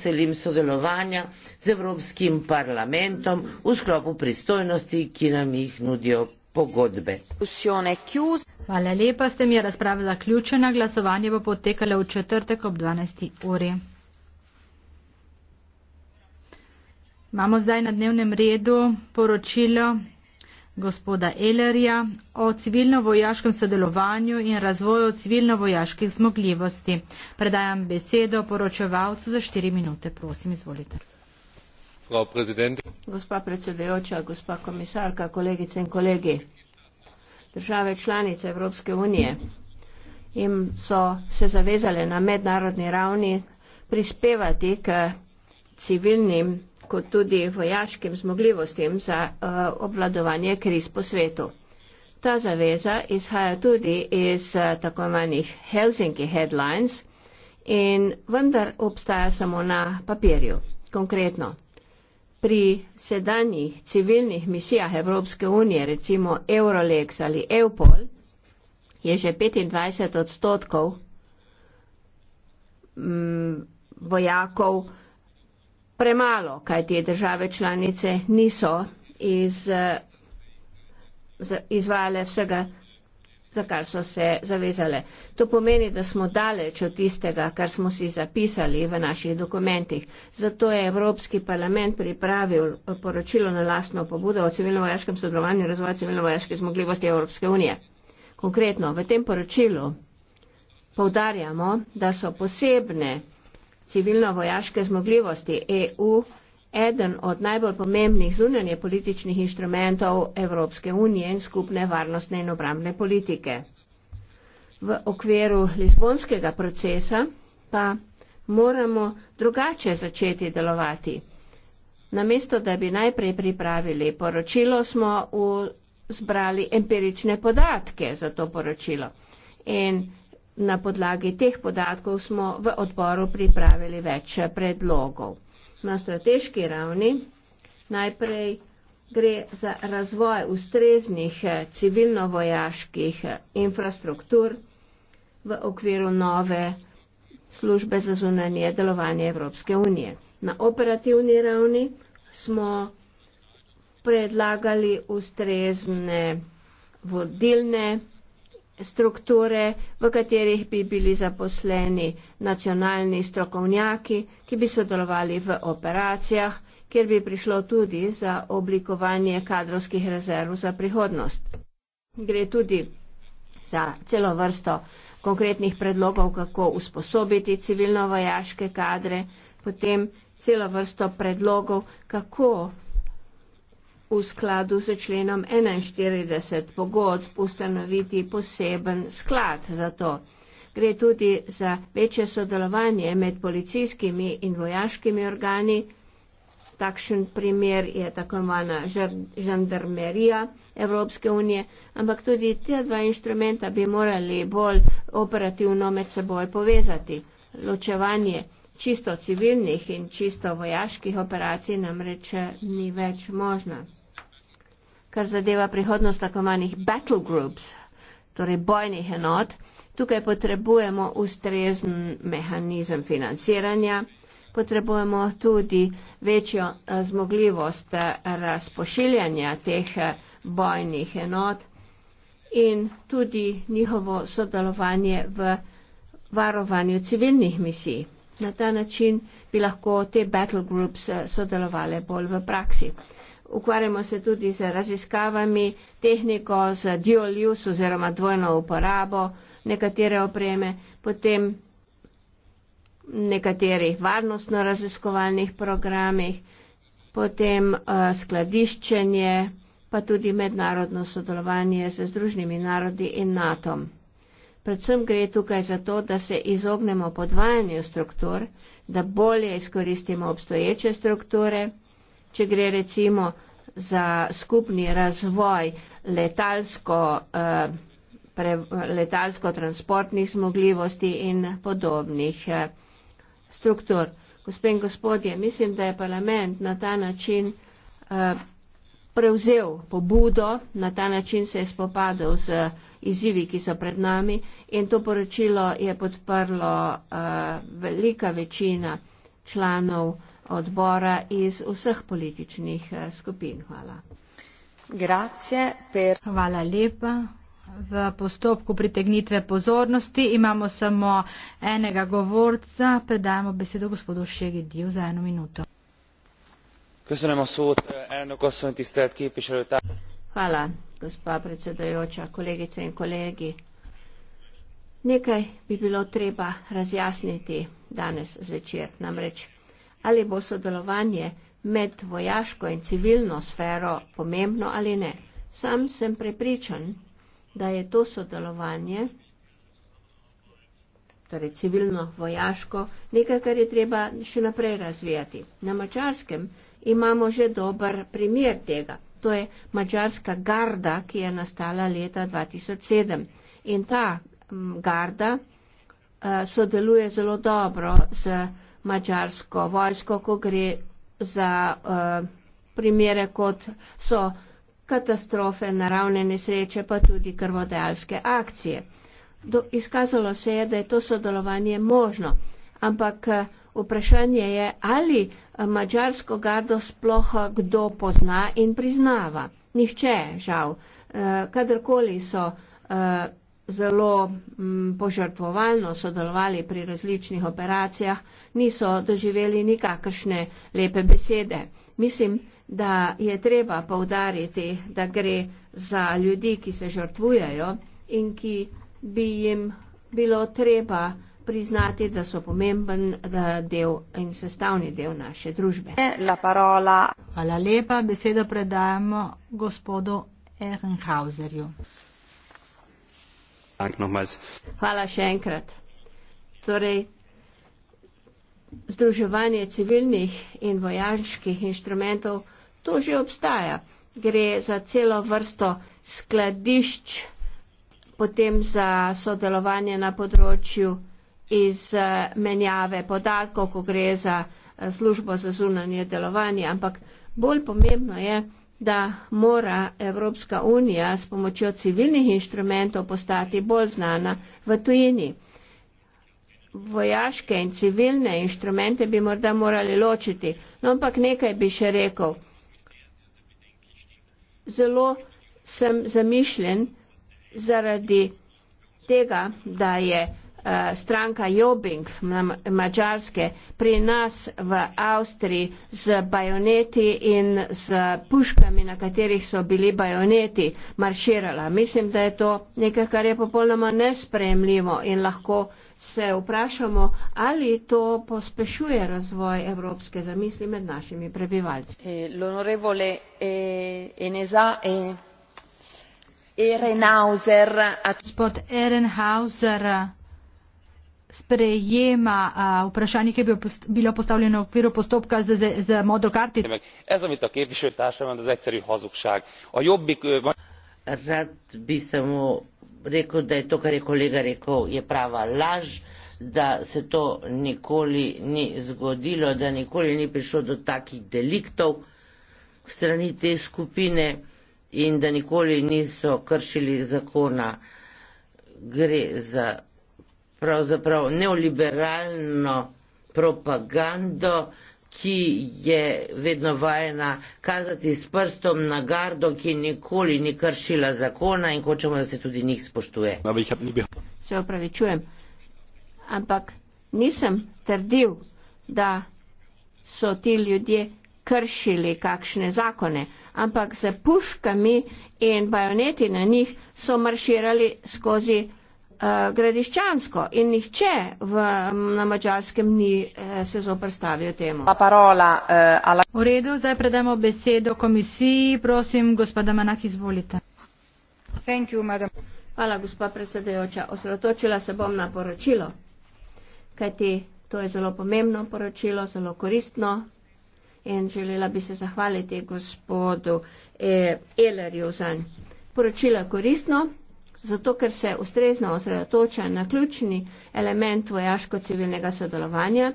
veselim sodelovanja z Evropskim parlamentom v sklopu pristojnosti, ki nam jih nudijo pogodbe. Hvala lepa, ste mi razprave zaključena. Glasovanje bo potekalo v četrtek ob 12. uri. Imamo zdaj na dnevnem redu poročilo gospoda Elerja o civilno-vojaškem sodelovanju in razvoju civilno-vojaških zmogljivosti. Predajam besedo poročevalcu za štiri minute. Prosim, izvolite. Gospa predsedujoča, gospa komisarka, kolegice in kolegi, države članice Evropske unije jim so se zavezale na mednarodni ravni prispevati k civilnim kot tudi vojaškim zmogljivostim za uh, obvladovanje kriz po svetu. Ta zaveza izhaja tudi iz uh, tako imenih Helsinki headlines in vendar obstaja samo na papirju. Konkretno, pri sedanjih civilnih misijah Evropske unije, recimo Eurolex ali Eupol, je že 25 odstotkov mm, vojakov, premalo, kaj te države članice niso iz, eh, z, izvajale vsega, za kar so se zavezale. To pomeni, da smo daleč od tistega, kar smo si zapisali v naših dokumentih. Zato je Evropski parlament pripravil eh, poročilo na lastno pobudo o civilno-vojaškem sodelovanju in razvoju civilno-vojaške zmogljivosti Evropske unije. Konkretno, v tem poročilu poudarjamo, da so posebne civilno-vojaške zmogljivosti EU eden od najbolj pomembnih zunanje političnih inštrumentov Evropske unije in skupne varnostne in obrambne politike. V okviru Lizbonskega procesa pa moramo drugače začeti delovati. Namesto, da bi najprej pripravili poročilo, smo zbrali empirične podatke za to poročilo. In Na podlagi teh podatkov smo v odboru pripravili več predlogov. Na strateški ravni najprej gre za razvoj ustreznih eh, civilno-vojaških eh, infrastruktur v okviru nove službe za zunanje delovanje Evropske unije. Na operativni ravni smo predlagali ustrezne vodilne strukture, v katerih bi bili zaposleni nacionalni strokovnjaki, ki bi sodelovali v operacijah, kjer bi prišlo tudi za oblikovanje kadrovskih rezerv za prihodnost. Gre tudi za celo vrsto konkretnih predlogov, kako usposobiti civilno-vojaške kadre, potem celo vrsto predlogov, kako v skladu z členom 41 pogodb ustanoviti poseben sklad za to. Gre tudi za večje sodelovanje med policijskimi in vojaškimi organi. Takšen primer je tako imenovana žandarmerija Evropske unije, ampak tudi te dva inštrumenta bi morali bolj operativno med seboj povezati. Ločevanje čisto civilnih in čisto vojaških operacij namreč eh, ni več možno kar zadeva prihodnost tako manjih battle groups, torej bojnih enot, tukaj potrebujemo ustrezen mehanizem financiranja, potrebujemo tudi večjo eh, zmogljivost eh, razpošiljanja teh eh, bojnih enot in tudi njihovo sodelovanje v varovanju civilnih misij. Na ta način bi lahko te battle groups sodelovali bolj v praksi. Ukvarjamo se tudi z raziskavami, tehniko za dual use oziroma dvojno uporabo nekatere opreme, potem nekaterih varnostno-raziskovalnih programih, potem uh, skladiščenje, pa tudi mednarodno sodelovanje z Združnimi narodi in NATO. Predvsem gre tukaj za to, da se izognemo podvajanju struktur, da bolje izkoristimo obstoječe strukture, če gre recimo za skupni razvoj letalsko, eh, pre, letalsko-transportnih zmogljivosti in podobnih eh, struktur. Gospod in gospodje, mislim, da je parlament na ta način eh, prevzel pobudo, na ta način se je spopadal z izzivi, ki so pred nami in to poročilo je podprlo eh, velika večina članov odbora iz vseh političnih eh, skupin. Hvala. Grazie per... Hvala lepa. V postopku pritegnitve pozornosti imamo samo enega govorca. Predajamo besedo gospodu Šegediju za eno minuto. Hvala, gospa predsedojoča, kolegice in kolegi. Nekaj bi bilo treba razjasniti danes zvečer. Namreč ali bo sodelovanje med vojaško in civilno sfero pomembno ali ne. Sam sem prepričan, da je to sodelovanje, torej civilno-vojaško, nekaj, kar je treba še naprej razvijati. Na mačarskem imamo že dober primer tega. To je mačarska garda, ki je nastala leta 2007. In ta mm, garda eh, sodeluje zelo dobro z mačarsko vojsko, ko gre za uh, primere, kot so katastrofe, naravne nesreče, pa tudi krvodajalske akcije. Do, izkazalo se je, da je to sodelovanje možno, ampak eh, vprašanje je, ali eh, mačarsko gardo sploh kdo pozna in priznava. Nihče, žal. Kadarkoli so zelo m, mm, požrtvovalno sodelovali pri različnih operacijah, niso doživeli nikakršne lepe besede. Mislim, da je treba povdariti, da gre za ljudi, ki se žrtvujajo in ki bi jim bilo treba priznati, da so pomemben da del in sestavni del naše družbe. Hvala lepa, besedo predajamo gospodu Ehrenhauserju. Dank nochmals. Hvala še enkrat. Torej, združevanje civilnih in vojaških inštrumentov, to že obstaja. Gre za celo vrsto skladišč, potem za sodelovanje na področju izmenjave eh, podatkov, ko gre za eh, službo za zunanje delovanje, ampak bolj pomembno je, da mora Evropska unija s pomočjo civilnih inštrumentov postati bolj znana v tujini. Vojaške in civilne inštrumente bi morda morali ločiti, no ampak nekaj bi še rekel. Zelo sem zamišljen zaradi tega, da je Eh, stranka Jobbing mačarske pri nas v Avstriji z bajoneti in z puškami, na katerih so bili bajoneti, marširala. Mislim, da je to nekaj, kar je popolnoma nespremljivo in lahko se vprašamo, ali to pospešuje razvoj evropske zamisli med našimi prebivalci. Eh, eh, Gospod Ehrenhauser, sprejema a, vprašanje, ki je bilo postavljeno v okviru postopka z, z, z modro kartico. Ez, amit a képviselőtársam mond, az egyszerű hazugság. A jobbik... Rád bi samo rekel, da je to, kar je kolega rekel, je prava laž, da se to nikoli ni zgodilo, da nikoli ni prišlo do takih deliktov strani te skupine in da nikoli niso kršili zakona. Gre za pravzaprav neoliberalno propagando, ki je vedno vajena kazati s prstom na gardo, ki nikoli ni kršila zakona in hočemo, da se tudi njih spoštuje. No, se opravičujem, ampak nisem trdil, da so ti ljudje kršili kakšne zakone, ampak z puškami in bajoneti na njih so marširali skozi uh, gradiščansko in nihče v, na mačarskem ni uh, se zoprstavil temu. Parola, uh, eh, ala... V redu, zdaj predamo besedo komisiji. Prosim, gospoda Manah, izvolite. You, Hvala, gospa predsedajoča. Osredotočila se bom na poročilo, kajti to je zelo pomembno poročilo, zelo koristno. In želela bi se zahvaliti gospodu eh, Elerju za poročilo koristno, zato ker se ustrezno osredotoča na ključni element vojaško-civilnega sodelovanja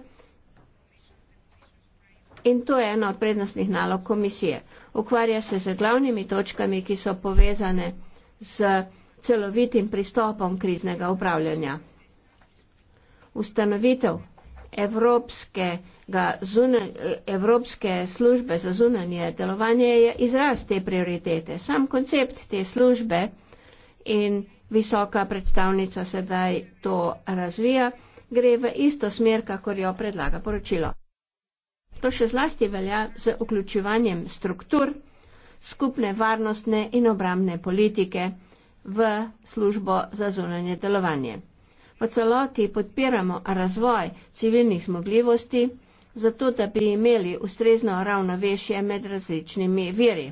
in to je ena od prednostnih nalog komisije. Ukvarja se z glavnimi točkami, ki so povezane z celovitim pristopom kriznega upravljanja. Ustanovitev Evropske Zunan, Evropske službe za zunanje delovanje je izraz te prioritete. Sam koncept te službe in visoka predstavnica sedaj to razvija, gre v isto smer, kakor jo predlaga poročilo. To še zlasti velja z vključevanjem struktur skupne varnostne in obramne politike v službo za zunanje delovanje. V celoti podpiramo razvoj civilnih zmogljivosti, zato da bi imeli ustrezno ravnovešje med različnimi viri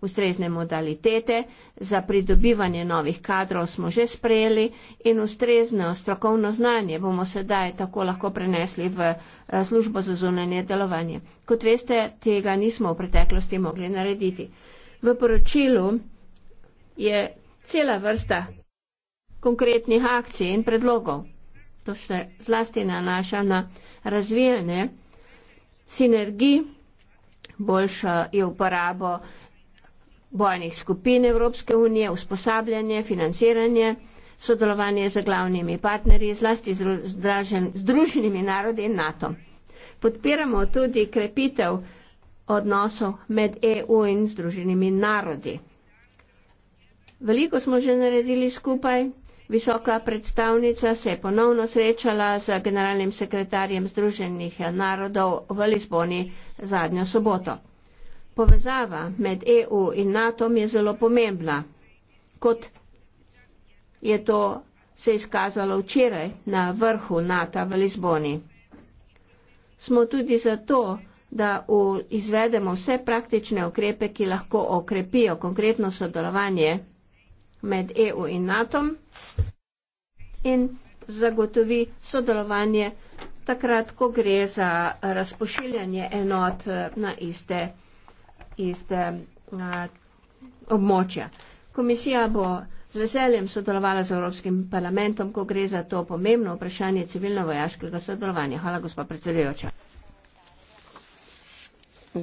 ustrezne modalitete, za pridobivanje novih kadrov smo že sprejeli in ustrezno strokovno znanje bomo sedaj tako lahko prenesli v eh, službo za zunanje delovanje. Kot veste, tega nismo v preteklosti mogli narediti. V poročilu je cela vrsta konkretnih akcij in predlogov. To se zlasti nanaša na razvijanje sinergij, boljšo je uporabo uh, bojnih skupin Evropske unije, usposabljanje, financiranje, sodelovanje z glavnimi partnerji, zlasti združenimi narodi in NATO. Podpiramo tudi krepitev odnosov med EU in združenimi narodi. Veliko smo že naredili skupaj. Visoka predstavnica se je ponovno srečala z generalnim sekretarjem Združenih narodov v Lizboni zadnjo soboto. Povezava med EU in NATO je zelo pomembna, kot je to se izkazalo včeraj na vrhu NATO v Lizboni. Smo tudi zato, da izvedemo vse praktične ukrepe, ki lahko okrepijo konkretno sodelovanje med EU in NATO in zagotovi sodelovanje takrat, ko gre za razpošiljanje enot eh, na iste iz te, eh, a, eh, območja. Komisija bo z veseljem sodelovala z Evropskim parlamentom, ko gre za to pomembno vprašanje civilno-vojaškega sodelovanja. Hvala, gospod predsedujoča.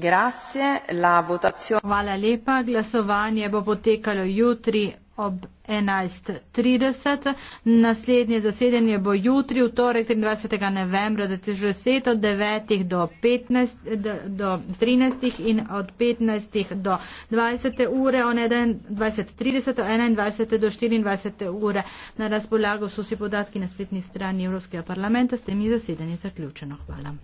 Grazie, la votazione. Hvala lepa, glasovanje bo potekalo jutri ob 11.30. Naslednje zasedanje bo jutri, v torek 23. novembra 2010 od 9. do, 15, do 13. in od 15. do 20. ure, od 21.30 do 21. do 24. ure. Na razpolago so vsi podatki na spletni strani Evropskega parlamenta, s tem je zasedanje zaključeno. Hvala.